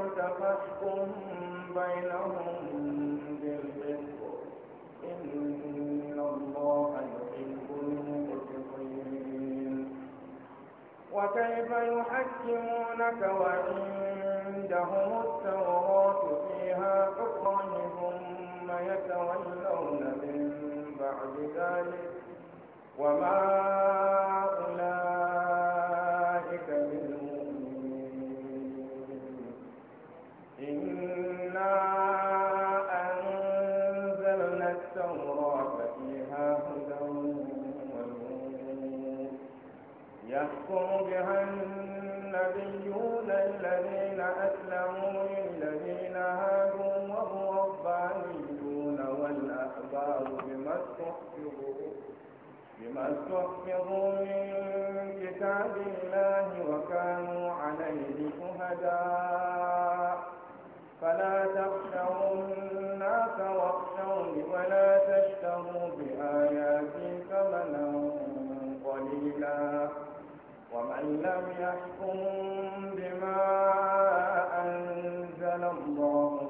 عدلت فاحكم بينهم بالقسط إن الله يحب المقسطين وكيف يحكمونك وعندهم التوراة فيها حكم ثم يتولون من بعد ذلك وما بل تحفظوا من كتاب الله وكانوا عليه شهداء فلا تخشوا الناس واخشوني ولا تشتروا بآياتي ثمنا قليلا ومن لم يحكم بما أنزل الله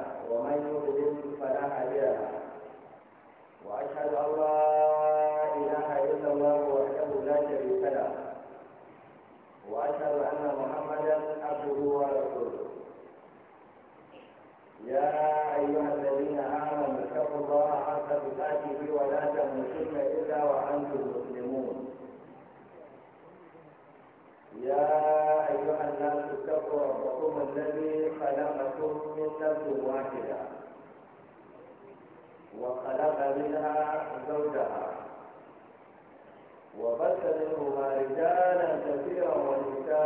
Ku kai mu fita shi da ya harza maku a ƙirfin ɗakin rikada. Wa'asar ana muhammadan abubuwa da kulu. Ya ربكم الذي خلقكم من نفس واحدة وخلق منها زوجها وبث منهما رجالا كثيرا ونساء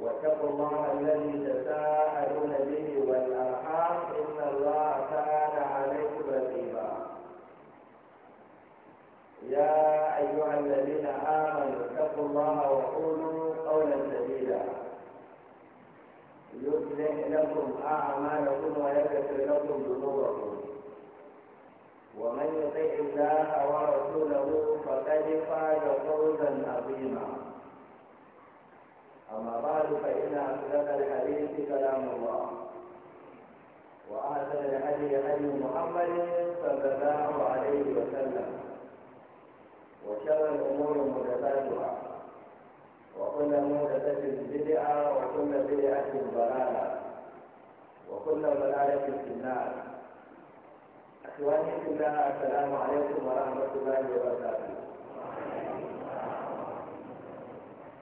واتقوا الله الذي تساءلون به والارحام ان الله كان عليكم رقيبا يا ايها الذين امنوا اتقوا الله وقولوا يصلح لكم أعمالكم ويغفر لكم ذنوبكم ومن يطع الله ورسوله فقد فاز فوزا عظيما أما بعد فإن أصدق الحديث كلام الله وأعزل الهدي هدي محمد صلى الله عليه وسلم وشر الأمور محدثاتها وكل مهدثة بدعة وكل بدعة ضلالة وكل ضلالة في النار إخواني في الله السلام عليكم ورحمة الله وبركاته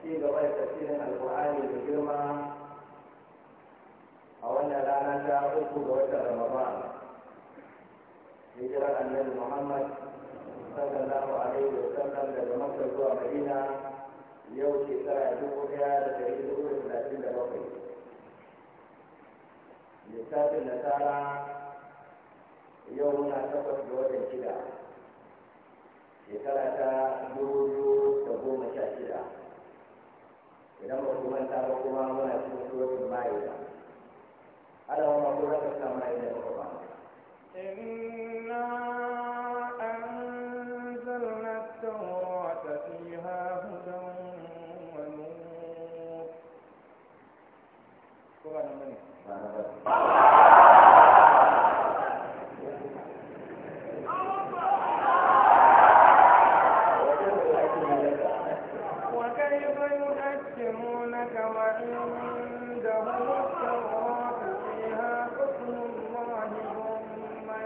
في غواية تفسير القرآن الكريم أولا لا نشاء أكل رمضان هجرة النبي محمد صلى الله عليه وسلم لما مكة مدينة yau tsara dubu ɗaya da ɗari hudu da talatin da bakwai lissafin nasara yau muna takwas da watan shida shekara ta dubu biyu da goma sha shida idan ba ku manta ba kuma muna cikin suratun ma'ida Allah ma ku raka sama inda ba ba. Inna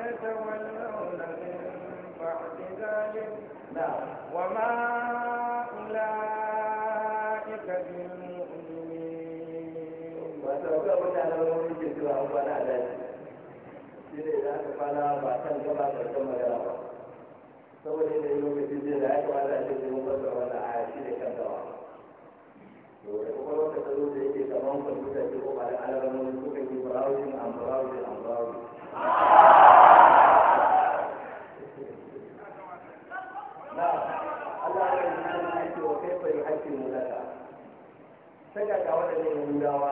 يتولون من بعد ذلك وما أولئك بالمؤمنين وتوقعون ka ba saboda yadda yi lokaci zai da ya kamata a cikin mun fasa wannan aya shi ne kan gawa to da kwakwalwar ka zo da yake kamar kwamfuta ce ko da alamomi kuka yi burawushin an burawushin an burawushin ta kaka waɗannan yahudawa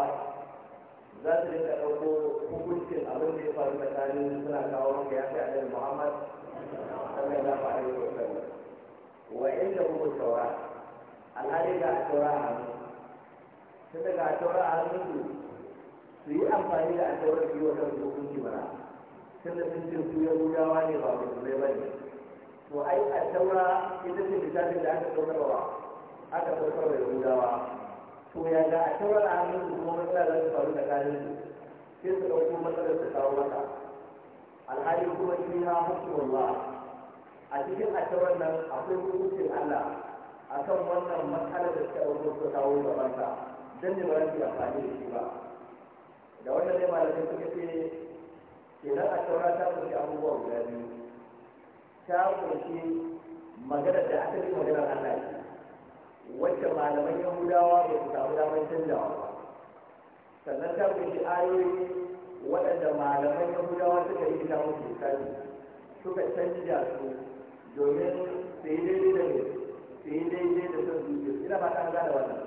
za su dinga ɗauko hukuncin abin da ya faru da tsakanin suna kawo wanda ya fi annabi muhammad sannan sallallahu alaihi wa sallam wa inda kuma taura alhali ga a taura a hannu sun daga a taura a hannun su su yi amfani da a taura su yi wa kan hukunci mana sun da sun ce su yahudawa ne ba musulmai ba ne to ai a taura ita ce misalin da aka saukarwa aka saukarwa yahudawa to ya ga a shawar a hannun su kuma matsala za su faru tsakanin su sai su ɗauko matsalar su kawo maka alhali kuma shi na hukumullah a cikin a shawar nan akwai hukuncin Allah a kan wannan matsalar da suka ɗauko su kawo gabanta don ne ba za su yi amfani da shi ba da wannan ne malamai suka ce kenan a shawara ta kunshi abubuwa guda biyu ta kunshi magana da aka yi maganar Allah ce wacce malaman yahudawa ba su samu damar canjawa ba sannan ta kunshi ayoyi waɗanda malaman yahudawa suka yi ta musu misali suka canja su domin su yi daidai da ne su yi daidai da son zuciya ina ba ta da wannan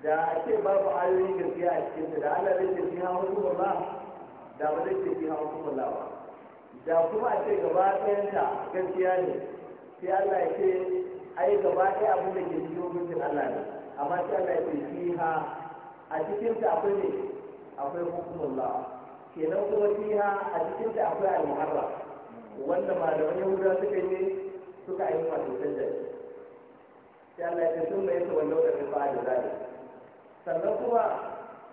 da a ba babu ayoyi gaskiya a cikin da Allah zai ce fiha hukumar ba da ba zai ce fiha kuma ba da kuma a ce gaba ɗayanta gaskiya ne sai Allah ya ce ai gaba ɗaya abu da ke cikin hukuncin Allah ne amma sai Allah ya ce fiha a cikin ta akwai ne akwai hukumullah kenan kuma fiha a cikin ta akwai al muharra wanda malaman yahudawa suka yi suka yi wato canja sai Allah ya ce sun mai ta wannan da ba da zai sannan kuma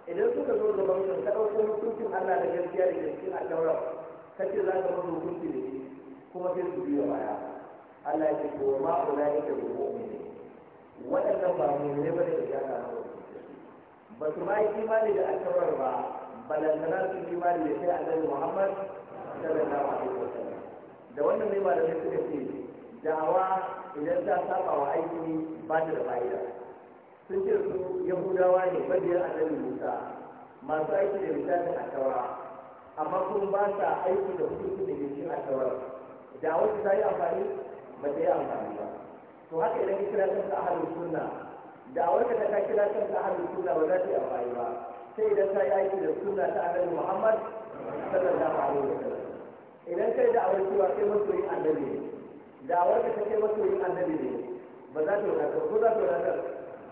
idan suka zo da bankin ka ɗauko hukuncin Allah da gaskiya da gaskiya a daura kace za ka mutu hukunci da shi kuma sai su biyo baya Allah ya ce wa ma kula yake da mu'mini waɗannan ba mu ne ba da ya ka ba su ma yi imani da alkawar ba balantana su imani da sai annabi Muhammad sallallahu alaihi wasallam da wannan ne malamai suka ce dawa idan ta saba wa aiki ba ta da fa'ida sun ce su yahudawa ne mabiyar annabi Musa masu aiki da misalin alkawar amma kuma ba sa aiki da hukuncin da ke cikin alkawar da wata ta yi amfani ba ta yi amfani ba to haka idan ka kira kanka ahalin sunna da'awar ka ta kira kanka ahalin sunna ba za ta yi amfani ba sai idan ka yi aiki da sunna ta annabi Muhammad sallallahu alaihi wa sallam idan kai da'awar cewa kai masoyi annabi ne da'awar ka ta kai masoyi annabi ne ba za ta wadatar ko za ta wadatar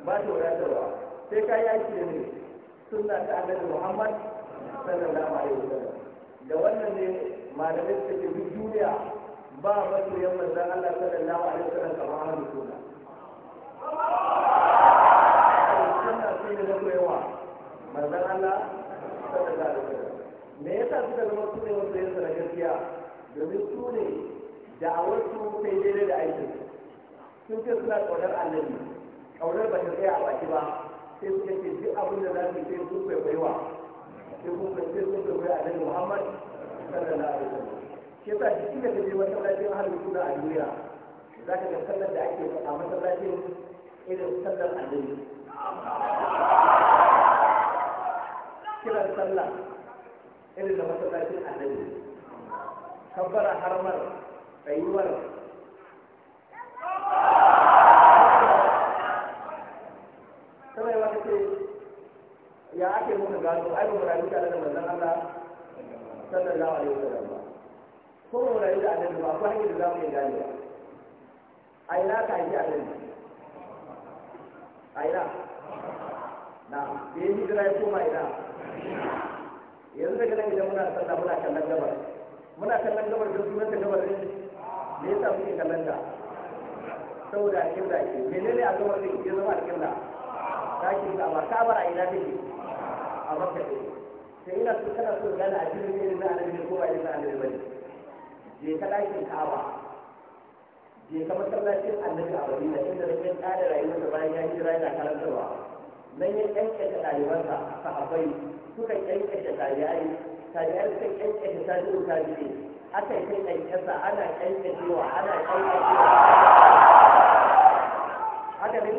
ba ta wadatarwa sai ka yi aiki da ne sunna ta annabi Muhammad sallallahu alaihi wa sallam da wannan ne malamai suka ce duk ba ya manzan Allah sallallahu alaihi wasallam kamar ahlus sunna sunna sai da masoyawa manzan Allah sallallahu alaihi wasallam me yasa suka zama su ne masoyan sa na gaskiya domin su ne da'awar su sai daidai da aikin sun ce suna ƙaunar annabi ƙaunar ba ta tsaya a baki ba sai suka ce duk abin da za su yi sai sun kwaikwaiwa sai kun kwaikwayo annabi Muhammad sallallahu alaihi wasallam shi yasa duk inda ka je masallacin ahlul sunna a duniya za ka ga sallar da ake a masallacin irin sallar annabi kiran sallar irin da masallacin annabi kabbara harmar tsayuwar kawai wata ce ya ake muka gano ai ba mu rayu tare da manzon Allah sallallahu alaihi wasallam ko mu rayu da annabi ba ko hanyar da za mu iya gane ba a ina ka yi annabi a ina na da ya hijira ya koma ina yanzu daga nan idan muna sallah muna kallon gabar muna kallon gabar da sunan ta gabar ne me yasa muke kallon ta saboda a alƙibla ke menene a gabar ne ya zama a ɗakin da ba ka bar a ina take a makka ne sai ina so kana so gane a cikin irin na annabi ko ba ina na annabi ba ne je ka ɗakin kaba je ka masallacin annabi a madina inda da kan tsara rayuwarsa bayan ya jira yana karantarwa nan ya kyankyashe ɗalibansa sahabbai suka kyankyashe tabi'ai tabi'ai suka kyankyashe ta tabi'i aka yi kyankyasa ana kyankyashewa ana kyankyashewa haka ne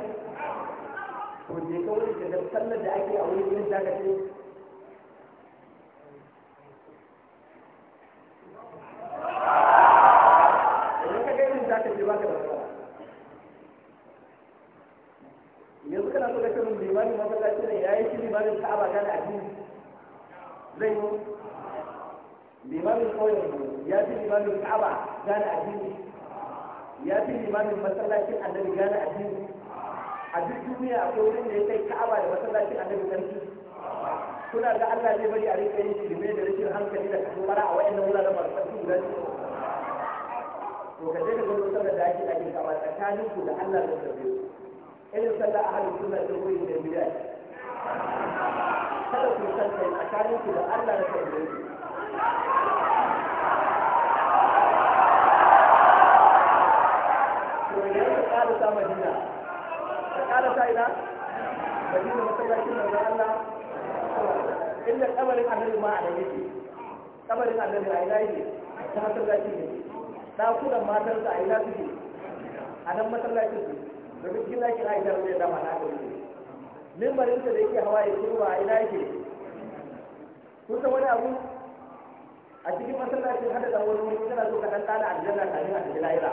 to je ka wurin da sallar da ake a wurin yin dakatin limamin ka'aba gane addini ya fi limamin masallacin annabi gane addini a duk duniya a wurin da ya kai ka'aba da masallacin annabi sarki kuna ga Allah zai bari a rika yin shirme da rashin hankali da mara a wayannan wuraren masu sarki guda biyu to ka je ka ga musallar da ake ake kama tsakanin ku da Allah da sarki irin sallar ahalin suna da wuri da biya kada ku san kai tsakanin ku da Allah da sarki ya karasa madina ka karasa ina madina masallacin da Allah inda kabarin annabi ma a da yake kabarin annabi a ina yake ta masallaci ne dakunan matarsa a ina suke a nan masallacin su domin cikin ɗakin aisha zai dama na gari ne mimbarinsa da yake hawa ya kurwa a ina yake kun wani abu a cikin masallacin hada da wani wani kana so ka dan tsada aljanna kafin a cikin lahira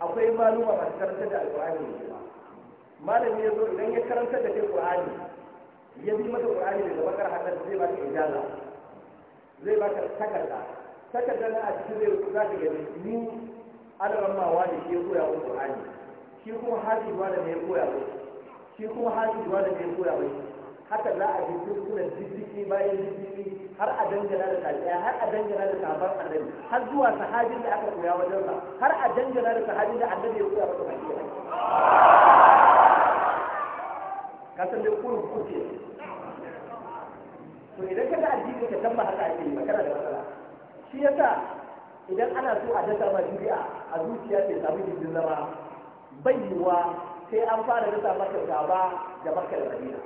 akwai maluma masu karanta da alƙur'ani ne malami ya zo idan ya karanta da ke ƙur'ani ya bi maka ƙur'ani daga bakar hadar zai baka ijaza zai baka takarda takarda na a cikin zai za ka gani ni alaran ma ne shi ya koya wa ƙur'ani shi kuma haji da ne ya koya wa shi kuma haji da ne ya koya wa haka za a bi dukkanin diddiki bayan diddiki har a dangana da tabi'a har a dangana da sabon annabi har zuwa sahabin da aka koya wajen sa har a dangana da sahabin da annabi ya koya masa baki ka san dai kurun kuke to idan ka ga addini ka tamba haka ake yi ba da matsala shi yasa idan ana so a dasa ma bid'a a zuciya sai samu jirgin zama bayyuwa sai an fara dasa maka gaba da makka da madina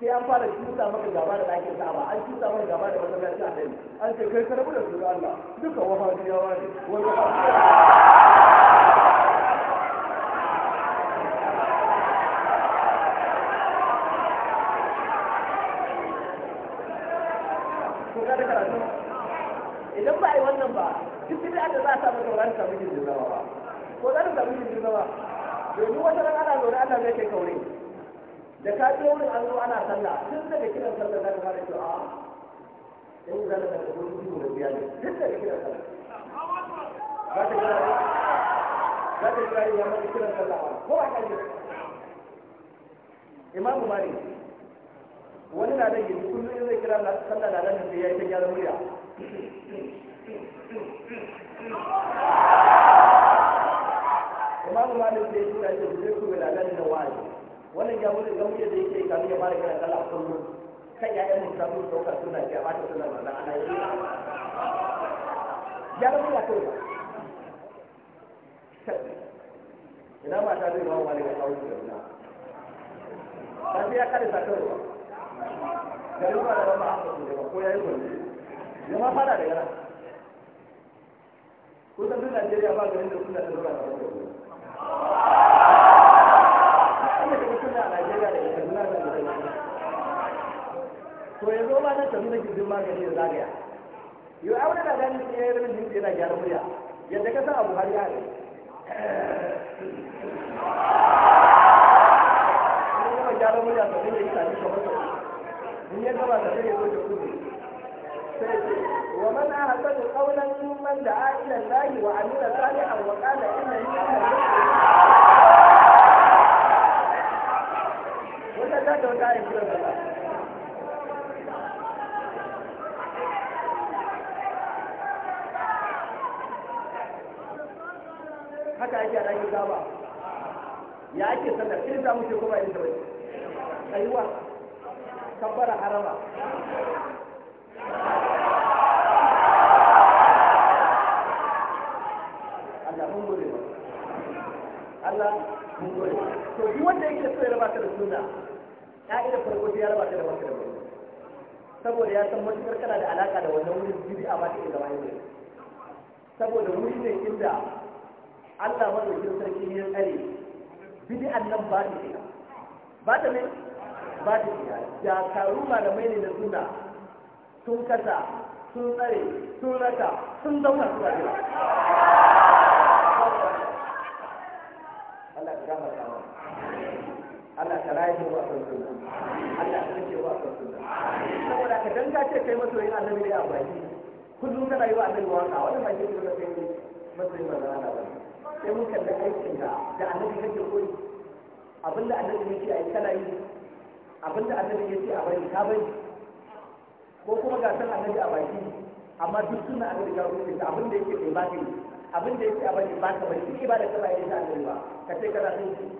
sai an fara cuta maka gaba da ɗakin ka'aba an cuta maka gaba da masallaci ta nan an ce kai karabu da sunan Allah duka wahabiyawa ne wani idan ba a yi wannan ba duk da da za a samu saurari samu jirgin ba ko za ta samu jirgin zama? domin wata ran ana zaune ana zai kai kaure da ka je wurin an zo ana sallah tun daga kiran sallah za ka fara cewa a in zalla da kuma gudu da biya ne tun daga kiran sallah za ta kira za ta kira ya mata kiran sallah ko a kan imamu mari wani na da gidi kullum in zai kira sallah na nan da ya yi ta gyara murya imamu malik sai ya tura shi da zai kuma lalan da wani. wannan ya wuce ga wuce da yake kafin ya fara kira kiran sallah kullum kan ya yi mutum mun ɗaukar suna ce a bata suna manzan ana yi ya rabu kuma kai ba ina ta zai ba wani ga kawo da na. ta sai kare ta kai ba gari ba da ba a kasu ba ko ya yi kwanci ya ma fara da yana kusan duk Najeriya ba garin da suna da zuwa da wani da kuma suna a Najeriya da ita suna da ita to yanzu ba ta da magani da zagaya yau ai wani gagani sun yi yana gyara murya yadda ka san abu har ya ne kuma gyara murya da zai yi tafi kamar da in ya gaba da zai yi zo kudu sai ce wa man ahsanu qawlan mimman da'a ila Allah wa amila salihan wa qala innani ana yarda da wata da haka ake a ya ake sanda sai za mu ce kuma yin da bai tsayuwa kabbara harama Allah mun gode Allah mun gode to duk wanda yake so ya rabata da suna. ka'ida farko ya raba ta da maka da wani saboda ya san matuƙar kana da alaƙa da wannan wurin jibi a baka da wani saboda wuri ne inda Allah madaukin sarki ya tsare bid'an nan ba ta shiga ba ta ne ba ta shiga jakaru malamai ne na sunna sun kasa sun tsare sun raka sun zauna su jira Allah ka gama Allah ka raye mu a kan sunna Allah ka kace wa kan sunna saboda ka danga ce kai masoyin annabi ne a baki kullum kana yi wa annabi waka wani ba ke da kai masoyin manzon Allah ba sai mun kalli aikin da da annabi kake koyi abinda annabi yake ai kana yi abinda annabi yake a bari ka bari ko kuma ga san annabi a baki amma duk suna a riga rufe da abin da yake bai baki abin da yake a baki ba ka bari shi ba da kana yin da annabi ba ka ce kana son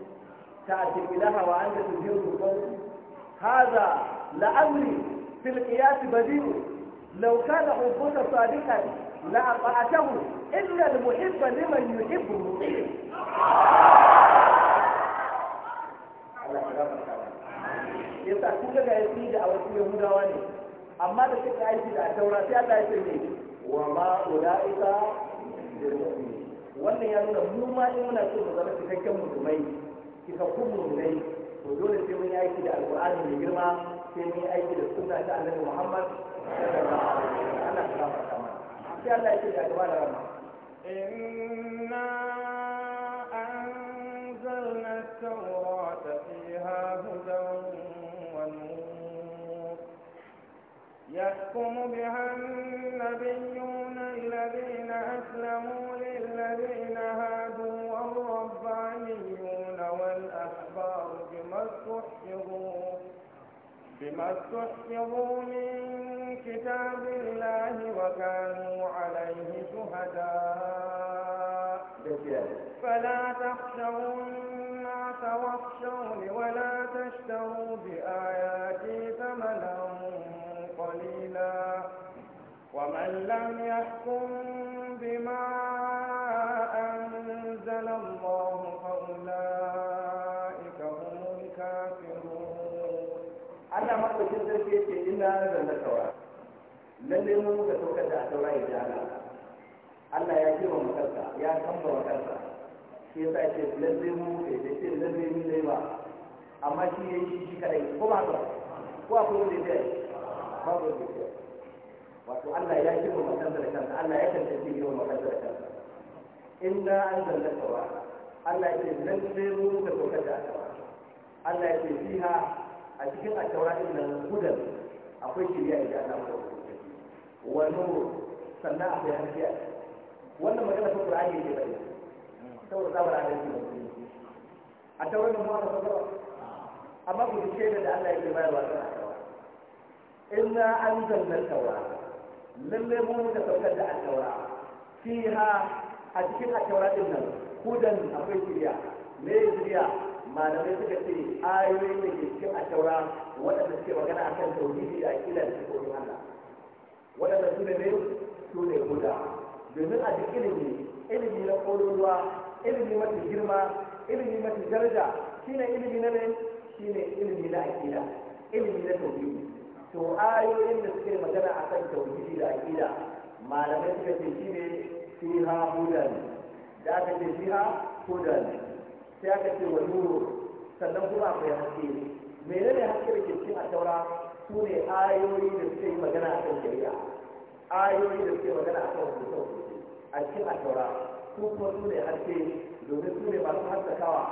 تأتي لها وأنت تجير بالقول هذا لأمري في القياس بديل لو كان حبك صادقا لأطعته إن المحب لمن يحب مطيع yasa kun ga yafi da a wasu yahudawa ne amma da suka aiki da taura sai Allah ya ce ne wa ma ulaika wannan ya nuna mu ma in muna so mu zama cikakken musulmai kika kullu lai to dole sai mun yi aiki da alqur'ani mai girma sai mun yi aiki da sunna ta annabi muhammad sallallahu alaihi wasallam Allah ya gafarta mana sai Allah ya ce da gaba da rama inna anzalna at-taurata fiha hudan wa nur يحكم بها النبيون الذين أسلموا للذين هادوا والربانيين الأخبار بما استحفظوا بما استحفظوا من كتاب الله وكانوا عليه شهداء فلا تخشوا الناس واخشوني ولا تشتروا بآياتي ثمنا قليلا ومن لم يحكم بما inna anzalnahu lalle mun muka saukar da saura ya jana Allah ya ce wa makarsa ya tamba wa kansa shi yasa ce lalle mun muka da ce lalle mun dai ba amma shi yayi shi shi kadai ko ba ba ko a akwai dai dai ba ba dai wato Allah ya ce wa makarsa da kansa Allah ya kanta shi wa makarsa da kansa inna anzalnahu Allah ya ce lalle mun muka saukar da saura Allah ya ce fiha a cikin a taura nan gudan akwai shirya da jana da wani sannan akwai harshe wannan magana ta Qur'ani ce bai saboda zabar adalci da mutum a taurin da mu aka amma ku ce da Allah ya ke bayar wa yake In na inna anzalna taura. lalle mu da saukar da a taura fiha a cikin at-taura din nan hudan akwai shirya me zuriya malamai suka ce ayoyin da ke cikin a taura waɗanda suke magana akan tauhidi da aƙidar sifofin Allah waɗanda su ne ne su ne huda domin a duk ilimi ilimi na ƙololuwa ilimi mafi girma ilimi mafi daraja ne ilimi na ne shine ilimi na aƙida ilimi na tauhidi to ayoyin da suke magana akan tauhidi da aƙida malamai suka ce shi shine fiha hudan da aka ce fiha hudan sai aka ce wa nuru sannan kuma akwai haske menene haske da ke cikin attaura su ne ayoyi da suke yi magana a kan shari'a ayoyi da suke magana a kan hukuncin a cikin attaura su kuma su ne haske domin su ne masu haskakawa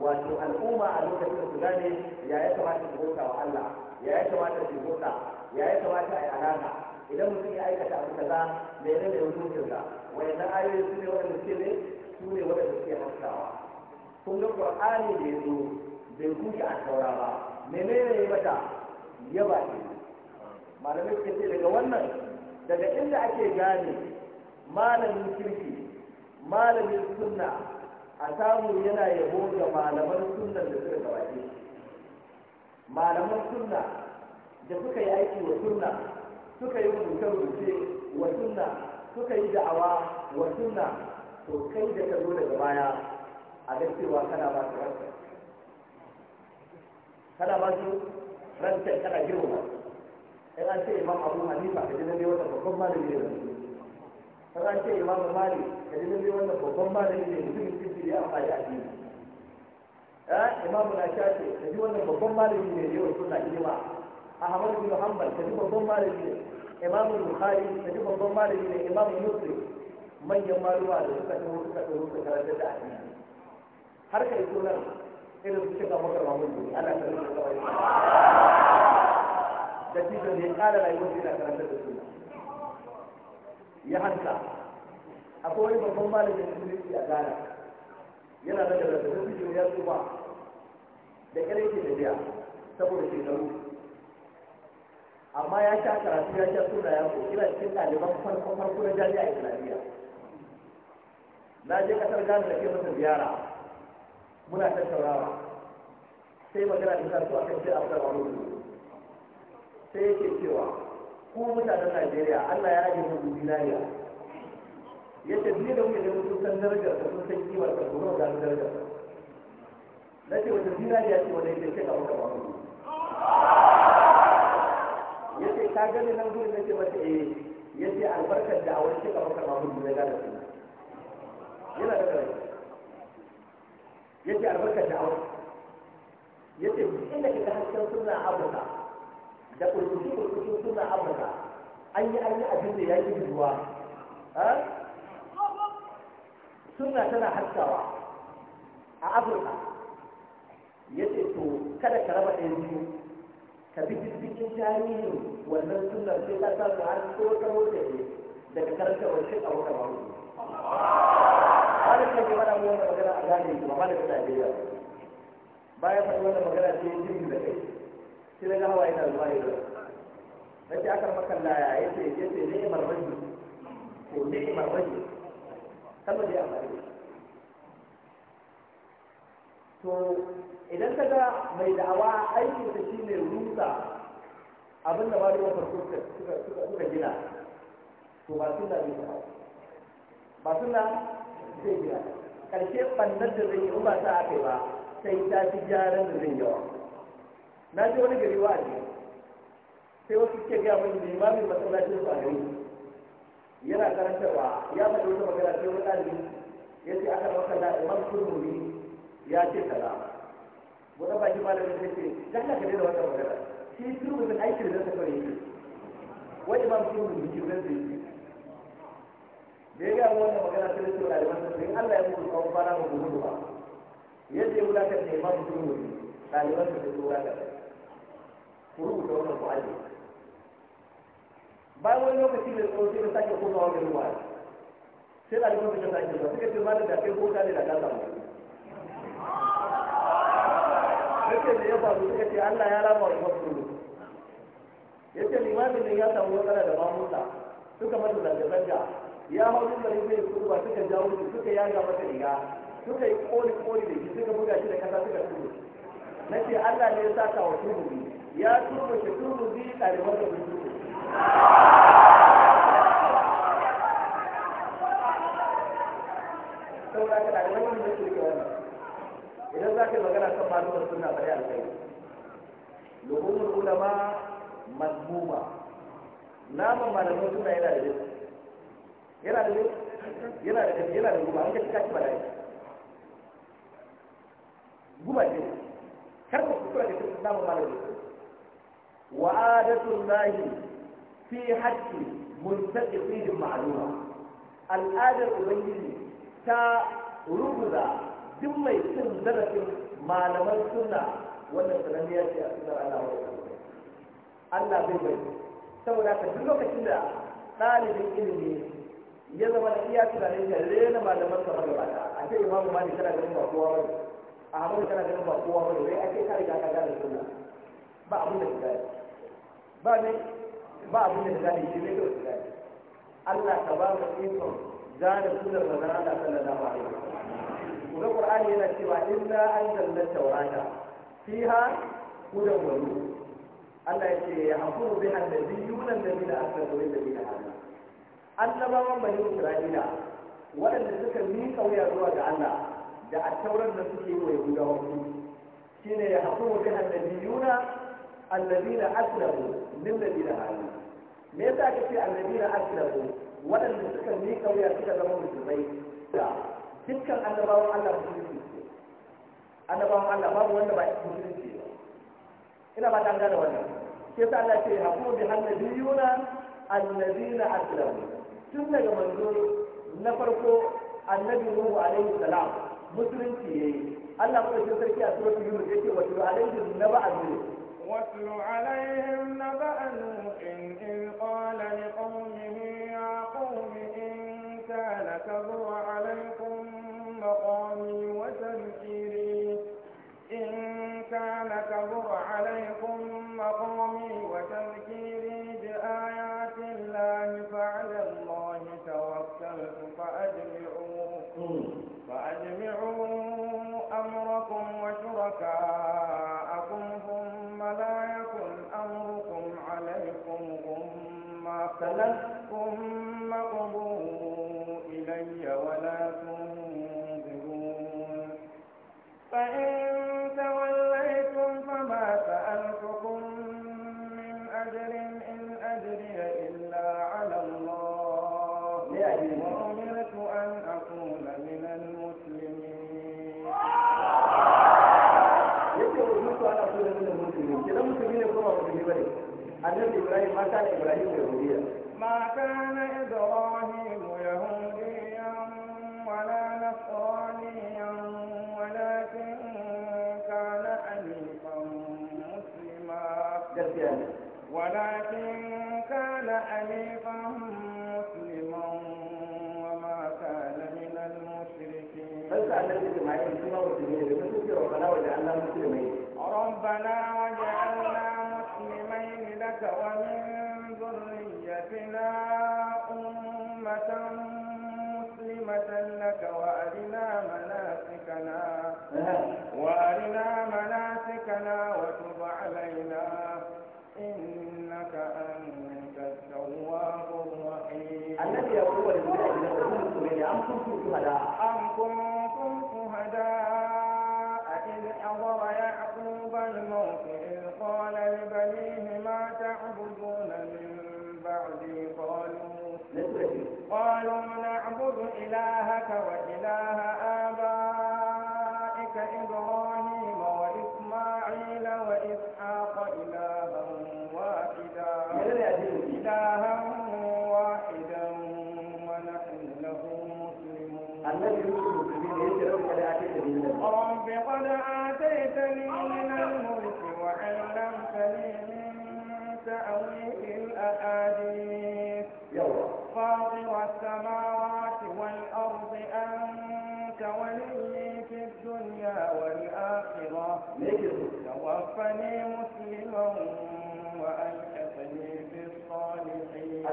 wato al'umma a lokacin su gane ya ya kamata su bauta wa Allah ya ya kamata su bauta ya ya kamata a yi alaka idan mutum ya aikata abu kaza menene hukuncinsa wayannan ayoyi su ne waɗanda suke ne su ne waɗanda suke haskawa kun ga qur'ani da yazo bai huce a saura ba menene ya mata ya ba ne malamai suka ce daga wannan daga inda ake gane malamin kirki malamin sunna a samu yana yabo ga malaman sunna da suka gabace malaman sunna da suka yi aiki wa sunna suka yi rubuce-rubuce wa sunna suka yi da'awa wa sunna to kai da ka zo daga baya a cewa kana ba su ranta kana ba su kana girma ba an ce imam abu hanifa ka ji na wannan babban malami ne zai an ce imam mali ka ji na wannan babban malami ne mutumin kirki ya eh, imamu na ce ka ji wannan babban malami ne yawan suna ilima ahmad bin hanbal ka ji babban malami ne imamu bukhari da ji babban malami ne imamu muslim manyan maluwa da suka taho suka taho suka karanta da addini har kai sunan irin su shiga maka mamun ne ana karanta da kawai da cikin da ya kara rayuwar da yana karanta da suna ya hanta akwai wani babban malamin musulunci a ghana yana da da da cikin ya tsufa da kare yake da biya saboda shekaru amma ya sha karatu ya sha suna ya ko ina cikin ɗaliban farko farko na jami'a islamiyya na je kasar ghana da ke masa ziyara muna tattaunawa sai magana da ta zuwa kan sai a kan wani sai yake cewa ku mutanen Najeriya Allah ya ajiye mu dinariya Yadda biyu da muke da mun san darajar da sun san kimar da mun san darajar na ce wata dinariya ce wanda yake kai a kan wani ce ka gani nan na ce mata eh ce albarkar da a wani shi ka bakar mamu dinariya gada suna. yana da kai yace albarkar da aure yace inda kika hasken suna Afirka da kurkuki kurkuki suna Afirka an yi an yi abin da yayi ruwa suna tana haskawa a Afirka yace to kada ka raba ɗaya biyu ka bi cikin tarihin wannan sunan sai ka samu har ko ta mutane daga karanta wani shi a wata ba. malam ne ke mana mu wanda magana a gane ba malam ta ba bayan mai wanda magana sai ya jirgi da kai sai daga hawa yana zuwa ya zuwa na ce akar makan laya ya ce ya ce ne imar raji ko ne ya raji kalmar da ya amfani to idan ka ga mai da'awa aikin ta shi ne rusa abin da malaman farko suka gina to ba sunna ne ba sunna zai gida ƙarshe ɓannar da zai yi ba sa aka yi ba sai ta fi gyaran da zai yawa na ji wani gari wa wa'azi sai wasu ke gaya mani limamin masallacin su a gari yana karantarwa ya faɗi wata magana sai wani ɗalibi ya ce aka maka da imam turmuri ya ce kaza wata baki malamin sai ce dan ka da wata magana shi turmurin aikin da ta fara yi wani imam turmuri kiran zai yi. da ya ga wannan magana sai su da wannan sai Allah ya mutu kawai fara mu gudu ba yadda ya wulaka ne ma mutum ne ɗaliban su su wulaka ku rubuta wannan ku aje bayan wani lokaci da tsoro sai ka sake koma wani ruwa sai da su da sake ba suka ce ma da kai ko ne da kasa mu yake da ya faru suka ce Allah ya rama wa wasu yake limamin ne ya samu matsala da mamusa suka mata zanga-zanga ya hau duk da zai su ba suka jawo shi suka yaga masa riga suka yi koli koli da shi suka buga shi da kasa suka tudu na ce Allah ne ya saka wa tudu ya tudu shi tudu bi ɗaliban da su tudu saboda ka ɗaliban yin da suke wannan idan za ka yi magana kan malumar suna bari alkai lukumul ulama mazmuma nama malamin suna yana da jinsu yana da yana da yana da guba an ka cika ba dai guba ce kar ku kuskura da cikin namu malami wa adatul lahi fi haqqi muntaqiqin ma'luma al'adar ubangiji ta rubuta duk mai cin zarafin malaman suna wannan sananniya ce a sunan Allah wa Allah bai bai saboda ka duk lokacin da ɗalibin ilimi ya zama da iya tunanin ka rena malaman sa magabata a ce imamu malik tana ganin ba kowa bane ahmadu tana ganin ba kowa bane wai ake ka riga ka gane sunna ba abin da gane ba ne ba abin da gane shi ne kawai gane Allah ta ba mu ikon gane sunnar manzon Allah sallallahu alaihi wasallam kuma Qur'ani yana cewa inna anzalna tawrata fiha hudan wa nur Allah ya ce ya hakuru biha da alladhina aslamu da ladina amanu annabawan bani isra'ila waɗanda suka miƙa wuya zuwa ga allah da a tauran da suke yi wa yahudawa su shine ya haƙu wa kan annabiyuna allazina aslamu min ladina hadu me yasa aka ce allazina aslamu waɗanda suka miƙa wuya suka zama musulmai da dukkan annabawan allah musulmi annabawan allah babu wanda ba musulunci ba ina ba ta gane wannan Ke sa Allah ce ya haɗu haƙu bi annabiyuna allazina aslamu tun daga manzo na farko annabi nuhu alaihi salam musulunci yayi Allah shi sarki a suratul yunus yake wato tu naba naba'a nuh واتل عليهم نبأ نوح إذ قال لقومه Gracias. ما كان إبراهيم يهوديا ما كان إبراهيم يهوديا ولا نصرانيا ولكن كان حنيفا مسلما يعني. ولكن كان حنيفا مسلما وما كان من المشركين ربنا وجعلنا لك ومن ذريتنا أمة مسلمة لك وأرنا مناسكنا وأرنا مناسكنا وتب علينا إنك أنت التواب الرحيم الذي يقول لله أم كنتم شهداء أم كنتم شهداء قالوا نعبد إلهك وإله آبائك إبراهيم وإسماعيل وإسحاق إلها واحدا إلها واحدا ونحن له مسلمون رب قد آتيتني من الملك وعلمتني من تأويل الأحاديث فاطر السماوات والأرض أنت ولي في الدنيا والآخرة توفني مسلما وألحقني بالصالحين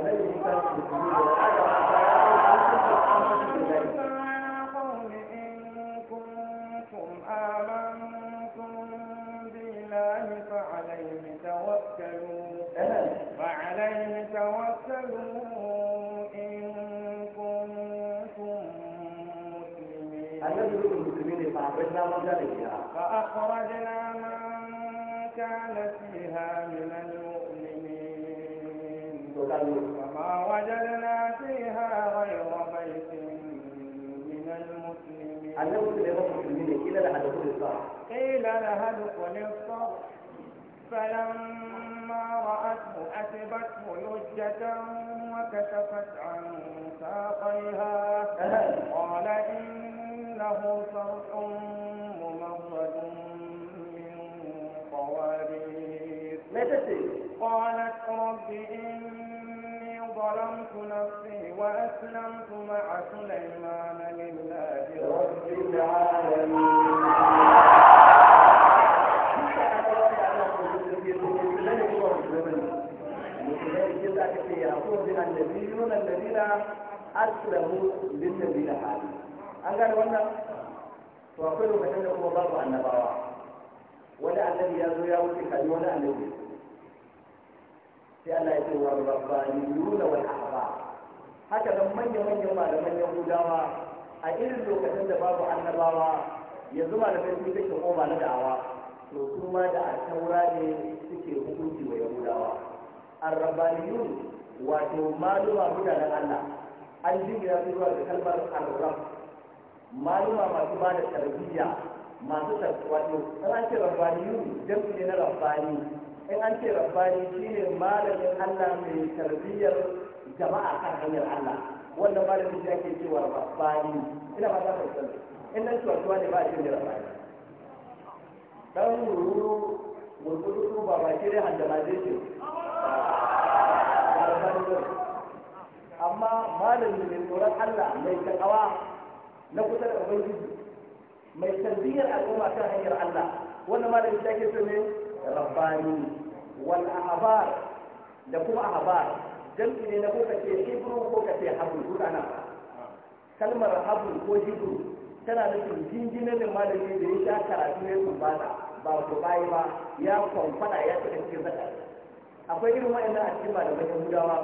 من فأخرجنا من كان فيها من المؤمنين وما وجدنا فيها غير بيت من المسلمين قيل لها دخول الصرح قيل لها دخول الصرح فلما رأته أتبته لجة وكشفت عن ساقيها قال إن له صرح ممرد من قوارير قالت رب إني ظلمت نفسي وأسلمت مع سليمان لله رب العالمين يقول النبيون الذين أسلموا للنبي العالمين an gane wannan to akwai lokacin da kuma babu annabawa wani annabi ya zo ya wuce kaji wani annabi sai Allah ya ce wa yuna wal ahba haka nan manya manyan malaman yahudawa a irin lokacin da babu annabawa yanzu malamai sun take koma na da'awa to kuma da a taura ne suke hukunci wa yahudawa arrabaniyun wato maluma mutanen Allah an jingira su zuwa da kalmar arrab maluma masu ba da tarbiyya masu tarbiyya in an ce rabbaniyu jam'i ne na rabbani in an ce rabbani ne malamin Allah mai tarbiyyar jama'a kan hanyar Allah wannan malamin shi ake cewa rabbani ina ba ta fahimtar in nan tuwa ne ba a cikin rabbani dan ruru gurgudu ba ba shi ne handalaje ce amma malamin mai tsoron Allah mai takawa na kusa da ubangiji mai tarbiyyar al'umma kan hanyar Allah wannan da shi ake so ne rabbani wal ahbar da kuma ahbar jam'i ne na ko kace hibru ko kace habu duk ana kalmar habu ko hibru tana nufin jinjinan da malami da ya sha karatu ne sun bada ba ku bayi ba ya kwamfana ya tsaka cikin zaka akwai irin wa'annan a cikin malamai gudawa,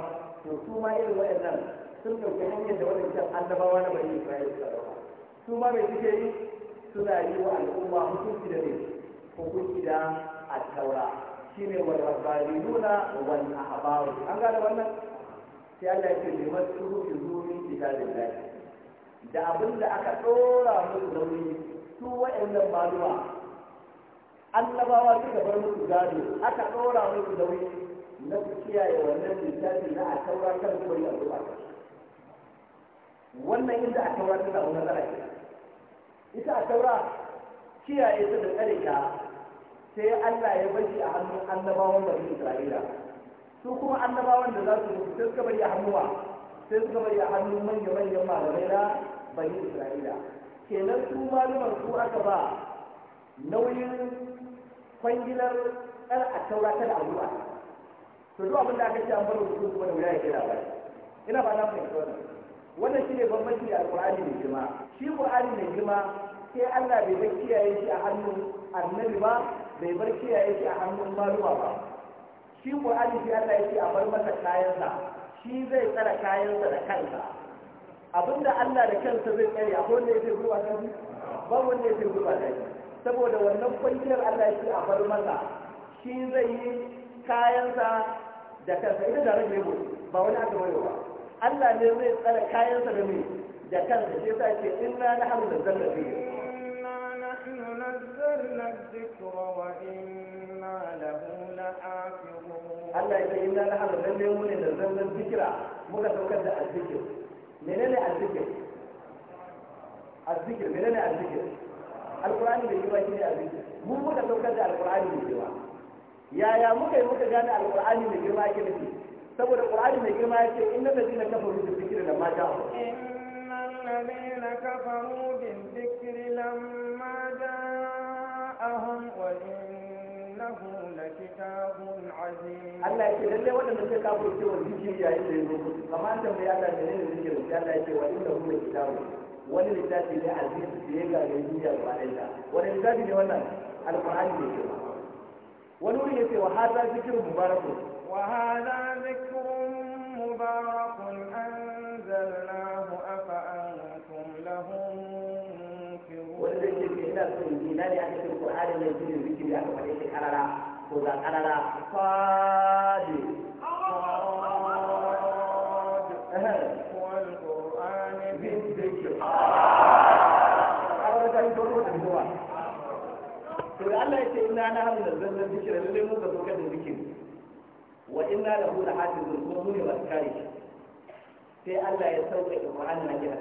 to su ma irin wa'annan sun dauki hanyar da wadancan annabawa na bani isra'ila suka ba. su ma mai suke yi suna yi wa al'umma hukunci da ne hukunci da taura. shi ne wani wal nuna wani ahbaru an gada wannan sai Allah ya ce liman suhu izumi kitabillah da abin da aka tsora musu nauyi su wa'annan labawa annabawa suka bar musu gado aka tsora musu nauyi na su kiyaye wannan littafi na a taura kan koyi zuwa. wannan inda attaura tana wannan zarafi ita a taura kiyaye ta da tsare ta sai Allah ya bashi a hannun annabawan bani Isra'ila su kuma annabawan da za su rufu sai suka bari a hannuwa sai suka bari a hannun manya manyan malamai na bari Isra'ila kenan su malaman su aka ba nauyin kwangilar tsar a taura ta da abubuwa to zuwa abin da aka ce an bar su kuma da wuya ya kira ba ina ba na fahimta wannan wannan shine bambanci da alƙur'ani mai girma shi qur'ani mai girma sai Allah bai bar kiyaye shi a hannun annabi ba bai bar kiyaye shi a hannun maluma ba shi qur'ani sai Allah yake a bar masa kayansa shi zai tsara kayansa da kansa abinda Allah da kansa zai tsare a wanda yake gurba ta shi ba wanda yake gurba ta shi saboda wannan kwanciyar Allah yake a bar masa shi zai yi kayansa da kansa ita da rage ba wani aka bayo ba Allah ne zai tsara kayansa da mai da kansa shi yasa ce inna nahnu nazzalna dhikra inna nahnu nazzalna dhikra wa inna lahu lahafizun Allah ya ce inna nahnu lalle mu ne nazzalna dhikra muka saukar da ne menene azzikir Mene menene azzikir alqur'ani da yiwa shi ne azzikir mun muka saukar da alqur'ani da yiwa yaya muka yi muka gane alqur'ani da girma yake nufi saboda ƙur'ani mai girma yace innal ladina kafaru bi dhikri lamma ja'u innal ladina kafaru bi dhikri lamma ja'ahum wa innahu lakitabun azim Allah yake lalle wadanda suka kafuru wa zikiri yayin da yazo kamar da mai Allah ne ne zikiri sai Allah yake wa innahu lakitabun wani littafi ne aziz da ya ga duniya gaba ɗaya wani littafi ne wannan alqur'ani ne ke? wani wuri ya yake wa hadha zikrun mubarakun وهذا ذكر مبارك أنزلناه أفأنتم له والذكر الله في القرآن يعني في القرآن يعني الذكر على على على صادق صادق هو القرآن بالذكر أنا أنا هم نزلنا الذكر اللي مو بس وكذا الذكر wa inna lahu lahafizun kuma mu ne masu kare shi sai Allah ya sauka da Qur'ani na jihar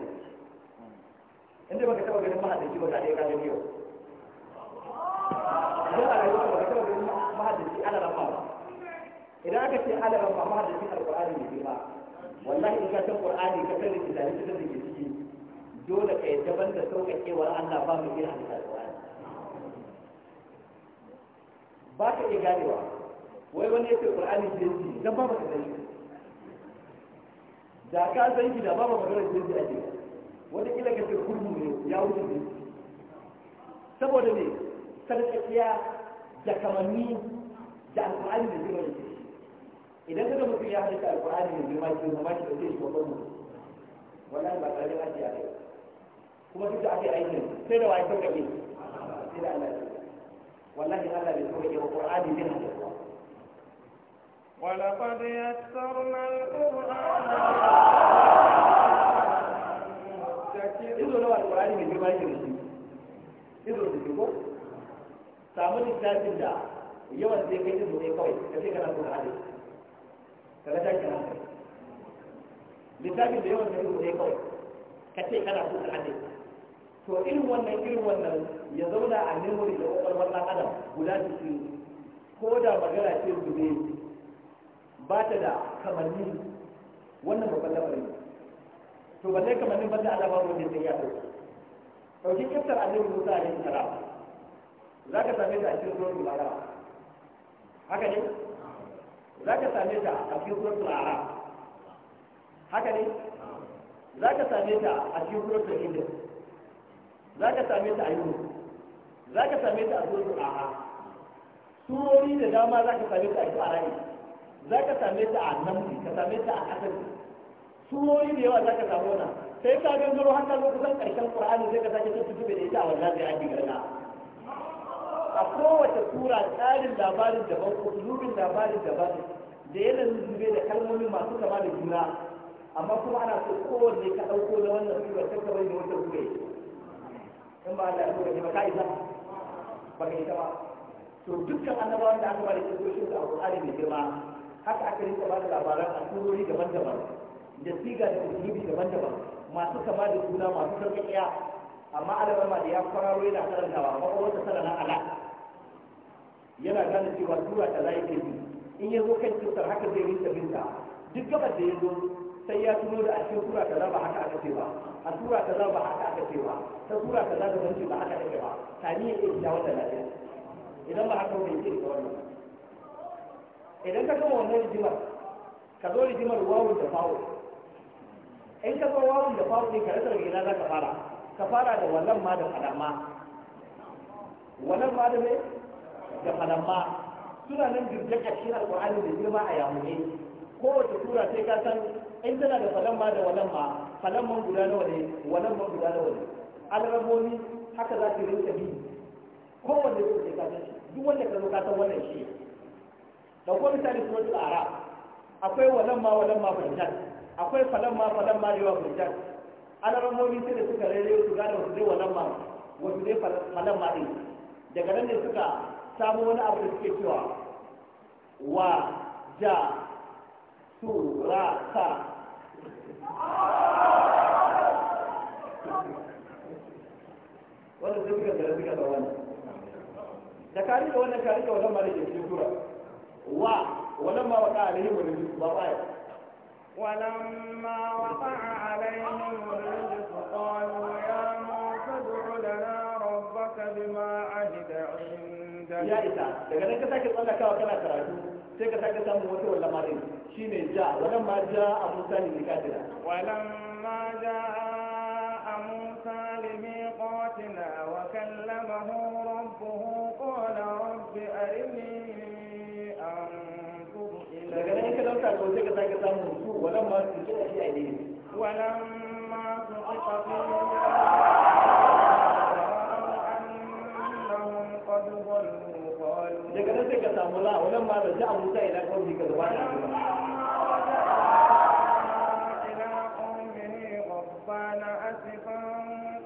inda baka taba ganin mahaddaci ba ka dai kaje yau ko a rayuwa baka taba ganin mahaddaci ala rabba ba idan aka ce ala rabba mahaddaci alqur'ani ne ba wallahi in ka san qur'ani ka san da da da ciki dole ka yadda banda saukakewar Allah ba mu iya hadda alqur'ani ba ka iya ganewa wai wani yake qur'ani jinsi dan ba maka dai da ka san shi da ba maka magana jinsi ake wani kila kace kurmu ne ya wuce ne saboda ne sarkakiya da kamanni da Alƙur'ani da girma ne idan kaga mutum ya halitta Alƙur'ani da girma ke zama shi da zai shi babban mutum wallahi ba karamin aiki a kai kuma duk da ake aikin sai da wa'ai sauƙaƙe sai da Allah ya wallahi Allah bai sauƙaƙe wa Qur'ani din hadisi ولقد يسرنا القرآن samu littafin da yawan zai kai izo ne kawai ka ce kana kuma hali ka ga tashi nan littafin da yawan zai izo ne kawai ka ce kana kuma hali to irin wannan irin wannan ya zauna a memory da kwakwalwar ɗan adam guda cikin ko da magana ce su ne ba ta da kamanni wannan babban labarin to ba zai kamannin ba da ba wanda zai ya dauki dauki kiftar annabi Musa alaihi salam za ka same ta a cikin suratul al haka ne za ka same ta a cikin suratul al haka ne za ka same ta a cikin suratul al-hijr za ka same ta a yunus za ka same ta a suratul al-aha surori da dama za ka same ta a cikin arabi za ka same ta a namdi ka same ta a asali surori da yawa za ka samu wannan sai ka ga har ka zo kusan ƙarshen qur'ani sai ka sake tafi da ita wallahi sai an digarna a kowace sura tsarin labarin ban ko zubin labarin ban da yanayin zube da kalmomi masu kama da juna amma kuma ana so kowanne ka ɗauko na wannan sura ta kamar da wata sura in ba da ya ne ba ka isa ba ka isa ba to dukkan annabawan da aka bada kisoshin da alƙur'ani mai girma haka aka rinka ba da labaran al'ummomi daban-daban da siga da usulobi daban-daban masu kama da suna masu ɗaya amma alamama da ya kwararo yana karantawa ba kuma wata sana'a ala yana gane cewa tura ta layi ke bi in ya zo kan cutar haka zai rinka binta duk gabar da ya zo sai ya tuno da ake tura ta ba haka aka ce ba a tura ta ba haka aka ce ba ta tura ta da aka ce ba haka ake ba tani ya iya wata lafiya idan ba haka wani ke da wannan idan ka gama wannan jimar, ka zo jimar wawun da fawo in ka zo wawun da fawo ne ka rasa daga ina za ka fara ka fara da wannan ma da fadama wannan ma da ne da fadama suna nan jirgin a cikin alƙur'ani da girma a yamune kowace tura sai ka san in tana da ma da fadan man guda nawa ne man guda nawa ne alramoni haka za ka rinka bi kowanne su ne ka san duk wanda ka zo ka san wannan shi da kuma misali kuma su ara akwai walan ma walan ma burjan akwai falan ma falan ma yawa burjan alamomi sai da suka rere su gane wasu dai walan ma wasu dai falan ma din daga nan ne suka samu wani abu da suke cewa wa ja su ra sa. wanda sai suka zara suka da wannan da kari da wannan kari da wannan ma da ke cikin tura ولما وقع عليهم الرجس ضرائب ولما وقع عليهم الرجس قالوا يا موسى ادع لنا ربك بما عهد عندك يا عيسى لقد كنت اكل الله كما كما كرايته سيك تاك تام موسى ولا مريم شيني جاء ولما جاء موسى لميقاتنا ولما جاء موسى لميقاتنا gaba sai ka sake samun su walan ma su kira shi a dai walan ma su kafa daga nan sai ka samu la walan ma da ja'a musa ila kawai ka zaba da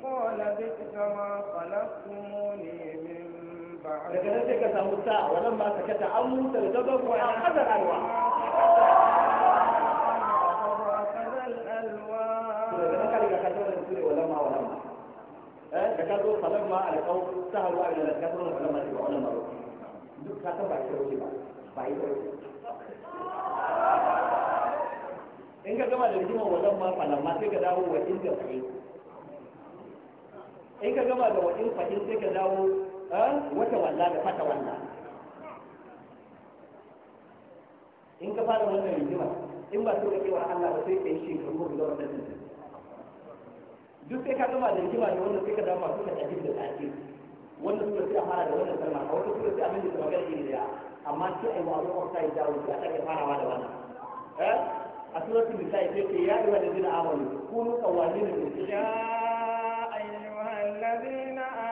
قال بئس ما خلقتموني daga nan sai ka samu sa wannan ba ka kata an musa da gaban wa an hazar alwa nan da eh, ka zo falamma alƙau ta hawa a da ka zo walamma da walamma duk ka san ba ka roƙe ba ba yi roƙe in ka gama da ma walamma ma sai ka dawo wajen inda in ka gama da wajen fahimta sai ka dawo wata walla da fata walla in ka fara wannan rigima in ba so ka kewa Allah ba sai kai shi shekaru ko da wannan rigima duk sai ka gama da rigima ne wanda sai ka dama ka tafi da tafi wanda suka sai a fara da wannan kalma a wata suka sai amince da ta magana ne da amma sai a yi wa Allah sai da wani a take farawa da wannan eh a suratul nisa sai ke ya yi wa kuma zina amanu kunu qawamin bil qiyam ayyuhal ladina amanu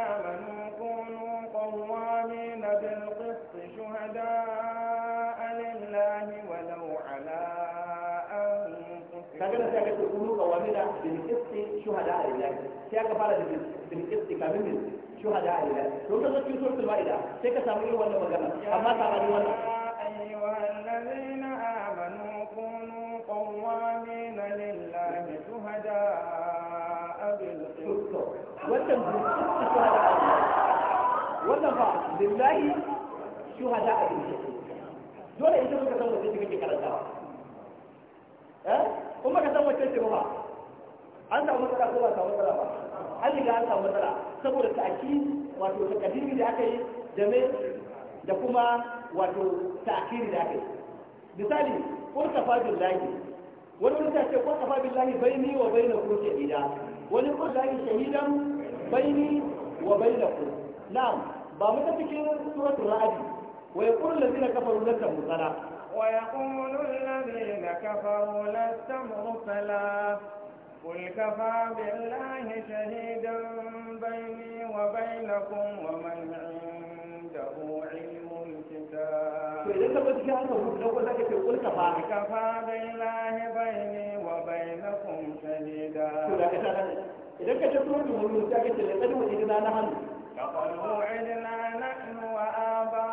بالقسط شهداء لله sai aka fara da bilkisti kamin min shuhada a lillah to ka zo cikin suratul maida sai ka samu irin wannan magana amma ka bani wannan أيها الذين آمنوا كونوا قوامين لله شهداء بالقسط wannan bilkisti shuhada a lillah wannan fa lillahi shuhada a lillah dole ita muka san wacce kake karantawa eh kuma ka san wacce ce ba an samu matsala ko ba a samu matsala ba an riga an samu matsala saboda ta'aki wato takadiri da aka yi da mai, da kuma wato ta'akiri da aka yi misali ko qurtafa billahi wani wani mutum ce ko qurtafa bai ni wa bai na ke shahida wani qurtafa shahidan ni wa bai na bainakum na'am ba mu ta cikin suratul ra'd wa yaqulu allazina kafaru lan tamutala ويقول الذين كفروا لست مرسلا قل كفى بالله شهيدا بيني وبينكم ومن عنده علم الكتاب قل كفى بالله بيني وبينكم شهيدا إذا كنت تقول وعدنا نحن وآباؤنا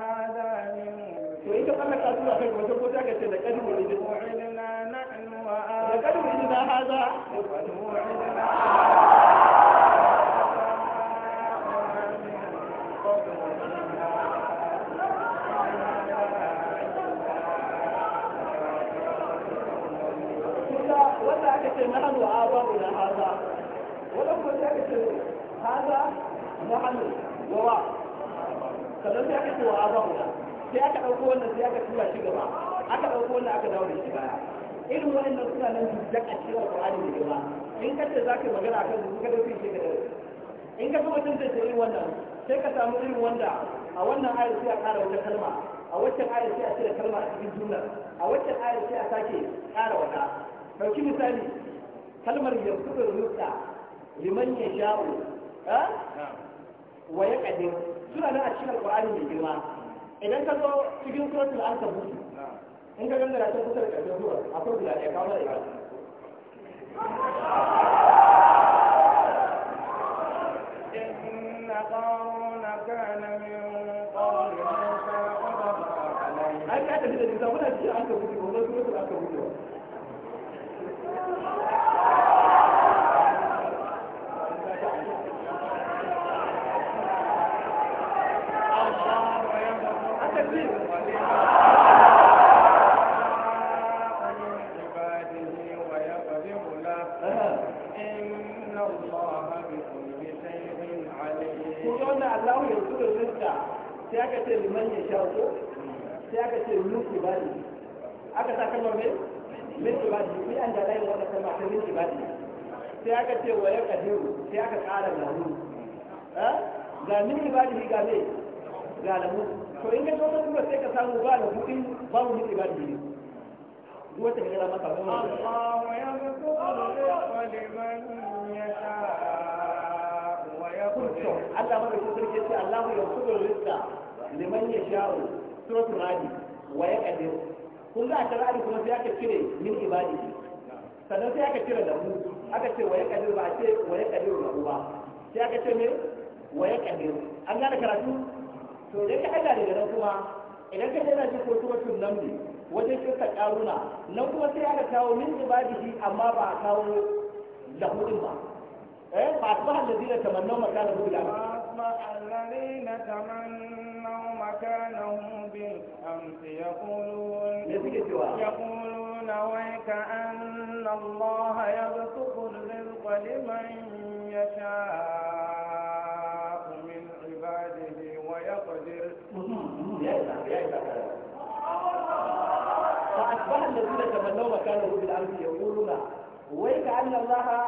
هذا من وإذا قال لك قالوا عندنا هذا قالوا عندنا ولا كتير نحن وآباؤنا هذا ولم كتير هذا نحن وراء sannan sai aka ce wa azamu sai aka ɗauko wannan sai aka tura shi gaba aka ɗauko wannan aka dawo da shi baya irin waɗannan suna nan duk a cikin alƙur'ani da ba in ka ce za magana akan su ka dauke shi da in ka kuma ta irin wannan sai ka samu irin wanda a wannan ayar sai a ƙara wata kalma a waccan ayar sai a cire kalma a cikin jumlar a waccan ayar sai a sake ƙara wata ɗauki misali kalmar yanzu da rutsa liman ya sha'u wa ya ƙadir suna nan a cikin alƙur'ani mai girma idan ka zo cikin suratul ankabut in ka ta kusa da zuwa kawo da ya Thank you. aka sa kalmar mai min ibadi fi an da layin wannan kalma ta min ibadi sai aka ce wa ya kadiru sai aka ƙara lahu eh? ga min ibadi ga mai ga lahu to in ka zo ka duba sai ka samu ba lahu in babu min ibadi ne wata ne maka wannan Allah ya mutu liman yasha wa yaqdir Allah ce Allah ya mutu rizqa liman yasha suratul hadi wa kadiru kun za a tara ali kuma sai aka cire min ibadi sannan sai aka cire lahu aka ce waye kadir ba a ce waye kadir lahu ba sai aka ce me waye kadir an gane karatu to dai ka daga daga nan kuma idan ka daina ji ko kuma tun nan ne wajen shirka karuna nan kuma sai aka kawo min ibadihi amma ba a kawo lahu din ba eh fa asbaha alladhina tamannaw makanahu bil amr أصبح الذين تمنوا مكانه بالأمس يقولون يقولون ويك أن الله يبسط الرزق لمن يشاء من عباده ويقدر فأصبح الذين تمنوا مكانه بالأمس يقولون ويك أن الله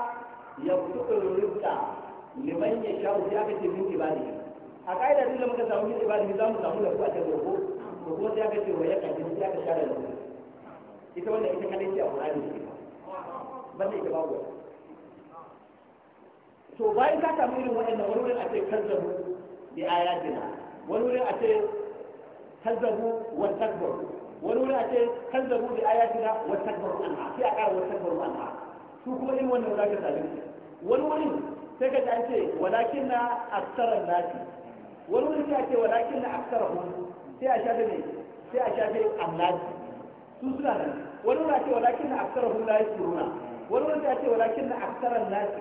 يبسط الرزق liman ya sha sai aka ce min ibadi a ƙa'ida duk da muka samu min ibadi za mu samu lafu a can roƙo ko kuma sai aka ce wa ya kaji sai aka sha da lafu ita wannan ita kadai ce a ba. banda ita babu to bayan ka samu irin waɗannan wani wurin a ce kazzabu bi ayatina wani wurin a ce kazzabu wa takbaru wani wurin a ce kazzabu bi ayatina wa takbaru anha sai a ƙara wa takbaru anha su kuma irin wannan za ka same wani wurin sai ka ji ce walakin na aksarar nasi wani wani sai a ce walakin na aksarar wani sai a shafe ne sai a shafe annasi su suna nan wani wani ce walakin na aksarar wani layi suruna wani wani sai a ce walakin na aksarar nasi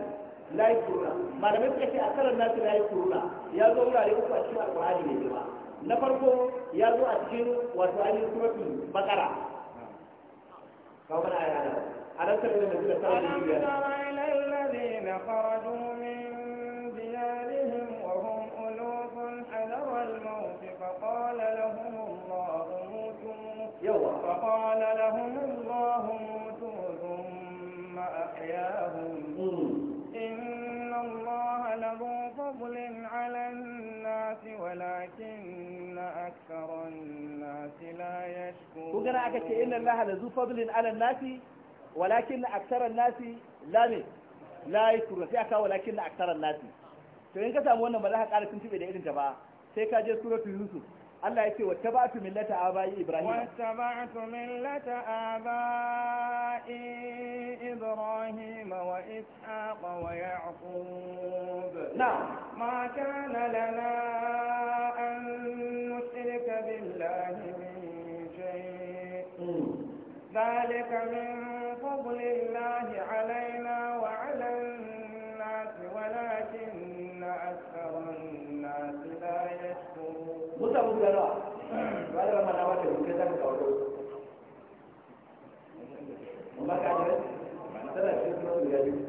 layi suruna malamai suka ce aksarar nasi layi suruna ya zo wurare uku a cikin alƙur'ani mai girma na farko ya zo a cikin wato ainihin suratul bakara kawo mana ألم تر إلى الذين خرجوا من ديارهم وهم ألوف حذر الموت فقال لهم الله موتوا فقال لهم الله موتوا ثم أحياهم إن الله لذو فضل على الناس ولكن أكثر الناس لا يشكرون وقرأ أكتئ إن الله لذو فضل على الناس walakin aktaran nasi la ne la yakuru sai aka walakin aktaran nasi to in ka samu wannan ba za ka ƙara tuntube da irin ta ba sai ka je suratul yusuf Allah ya ce wa tabatu millata abai Ibrahim wa tabatu millata abai Ibrahim wa Ishaq wa Yaqub na ma kana lana an nusrika billahi min shay'in hmm. ذلك min فضل الله علينا وعلى الناس ولكن أكثر الناس لا يشكرون متى مجرى ولا ما نواته مجرى كورو وما كان ثلاث شهور يجب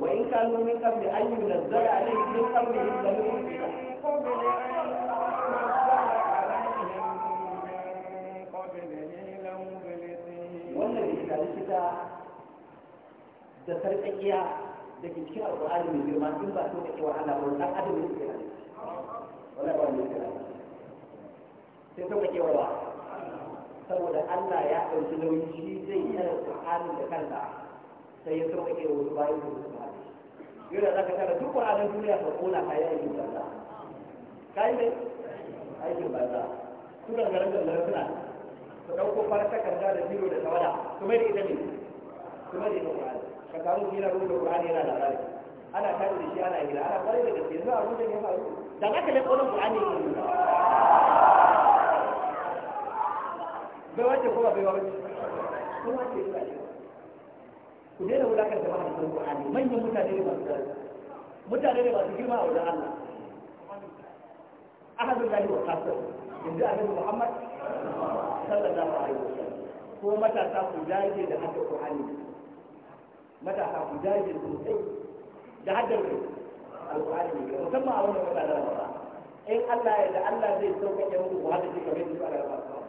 وإن كانوا من قبل أن ينزل عليهم من قبله لمبلسين wannan da sarƙaƙiya da ke cikin alƙur'ani mai girma in ba su da cewa Allah ba dan adam ne ke wala ba ne ke sai sauka saboda Allah ya ɗauki nauyi shi zai yi alƙur'ani da kansa sai ya sauka ke wasu bayan su su haɗe yau da zaka tara duk wuraren duniya ka kona kayan aikin banza ka yi ne aikin banza su gangaren gangaren suna su ɗauko farar takarda da biro da tawada su mai da ita ne su mai da ita ƙur'ani ka samu hira rubuta ƙur'ani yana labari ana kare da shi ana hira ana kwarai da gaske yanzu a rubuta ne faru da za ka lai ƙonan ƙur'ani ne bai wace kuma bai wace kuma ce su ku daina da ba hadisan Qur'ani manyan mutane ne masu daraja mutane ne masu girma a wajen Allah Aka ahadun lahi wa kasar inda annabi Muhammad sallallahu alaihi wasallam ko matasa ku dage da hadda Qur'ani matasa ku dage sosai da hadda al ne. musamman a wannan wata da Ramadan in Allah ya da Allah zai sauƙaƙe muku ku hadda kamar yadda ku a Ramadan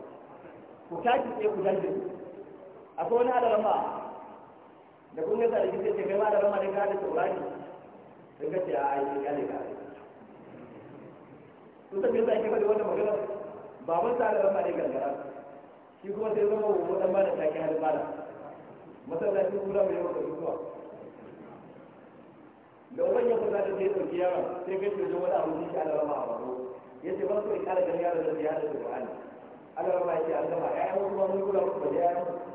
ku tashi sai ku dage akwai wani alama. da kun ga sarki sai kai ma da rama da kada taurari sai ka ce a yi ka ne ka sun tafi sai kai da wannan magana ba mun sa da rama da gangara shi kuma sai zama wa dan da take har bada masallacin kula mai yawa da zuwa da wani ya kusa da sai dauki yaron sai kai da wani abu shi ala rama a baro ce ba su kare kan yaron da ya da Qur'ani ala rama ce an gama ya yi wasu ba mun kula ba ya yi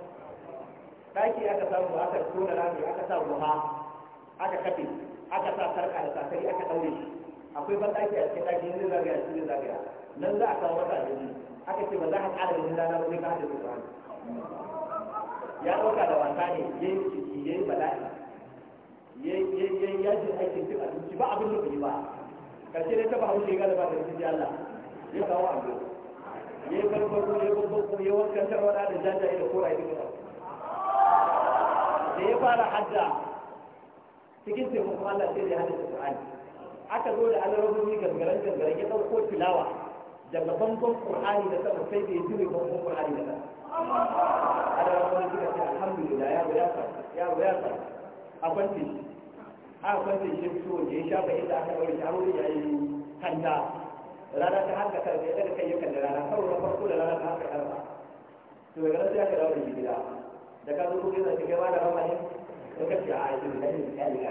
daki aka samu aka tona rami aka sa ruha aka kafe aka sa sarka da sakari aka daure shi akwai ban daki a cikin daki ne zagaya shi ne zagaya nan za a kawo masa abinci aka ce ba za ka ƙara da rana ba ka hada ruwa ya ɗauka da wasa ne ya yi ciki ya bala'i ya yi yajin aikin cin abinci ba abin da bai ba karshe dai ta ba ya gada ba da ji Allah ya kawo abin ya yi farko ya yi babban ya wankantar wada da jajaye da koraye duka da ya fara hadda cikin taimakon Allah sai da ya hada Qur'ani aka zo da alarobi gangaren gangaren ya ɗauko tilawa daga bangon Qur'ani da sama sai da ya jure bangon Qur'ani da sama alarobi suka ce alhamdulillah ya ya ya ya a kwanci a kwanci shi so ya shafa inda aka ɗaure shi a wuri ya yi kanta rana ta haka karfe daga kai ya kalli rana kawai na farko da rana ta haka karfa to ya nan sai aka daure shi gida da ka zo kuɗi na ba da ramani ne ko ka a aiki da ne ya yi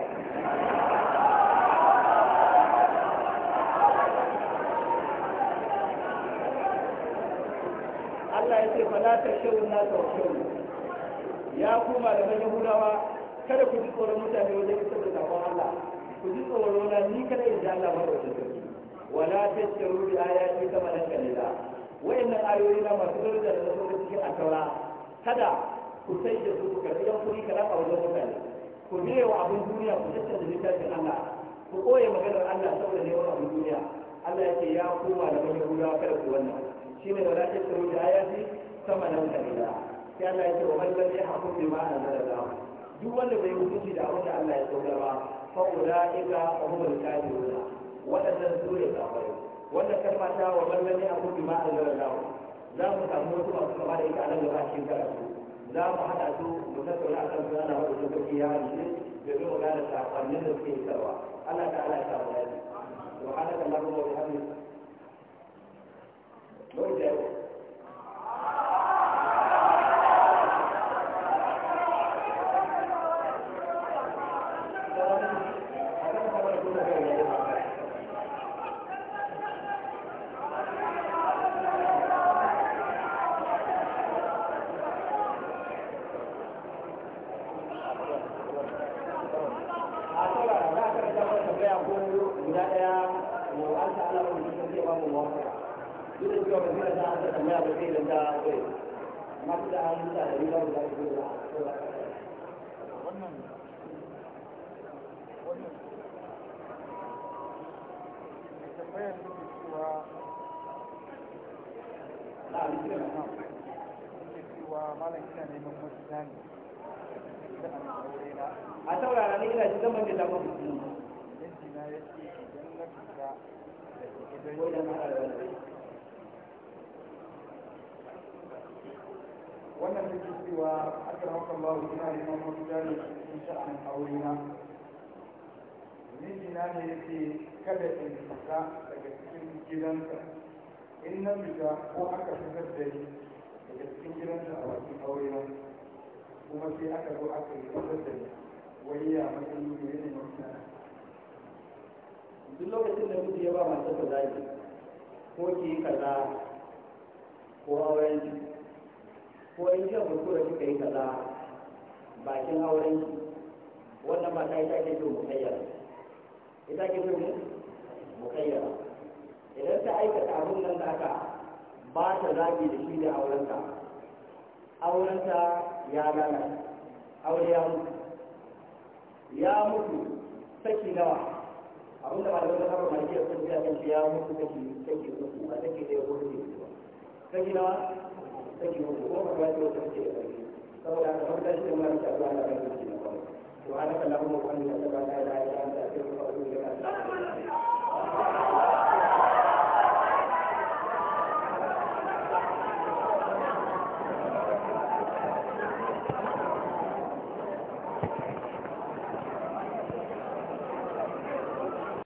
Allah ya ce fa la ta shawu na ta shawu ya kuma da manyan hudawa kada ku ji tsoron mutane wajen isar da sakon Allah ku ji tsoron na ni kada in ji Allah ba da wajen sarki wala ta shawu bi ayati kama nan kalila wa'annan ayoyi na masu darajar da suka cikin a taura kada ku sai da su ku karbi yan kuɗi kaɗan a wajen mutane ku biye wa abin duniya ku da littafin Allah ku koye maganar Allah saboda neman abin duniya Allah ya ce ya koma da mai gudawa kada ku wannan shi ne wala ta tsaro da ayati sama nan kalila sai Allah ya ce wa man lam yahkum bima anzala duk wanda bai hukunci da abin da Allah ya saukar ba fa ulaika humul kafirun wadannan su ne kafirai wannan kalma ta wa man lam yahkum bima anzala za mu samu wasu masu kama da ita a nan gaba cikin karatu za mu haɗa su mu tattauna a kan suna wadda su kuke ya hanci domin mu gane sakonnin da suke isarwa Allah ta Allah ta mu dace wa hada da Allah mu da hannu a saurara ne ina shi zama da damar mutum na ya ce idan na fita da gidan wannan da ke cewa akan hakan babu ina neman mafita ne cikin sha'anin aure na mijina ne ya ce kada in fita daga cikin gidansa in na fita ko aka fitar da ni daga cikin gidanta a wajen aure kuma sai aka zo aka yi fitar da ni wani ya matsayi ne ne mafita duk lokacin da kuke ya ba masu ka zaki ko ki yi kaza ko auren ki ko in kika kuskura kika yi kaza bakin auren ki wannan mata ita ke so mukayyara ita ke so mukayyara idan ta aikata abin nan da ba ta zagi da shi da aurenta aurenta ya gana aure ya mutu ya mutu saki nawa abin da malamin kasar majiyar sun biya kan ya mutu saki saki uku a saki ɗaya ko saki uku saki nawa saki uku ko ba ta wata saki da saboda haka mafita shi da mara ta zuwa na ƙarfi shi na kawai to ana kallon mu da ta ba ta da ya ta ta ta ta ta ta ta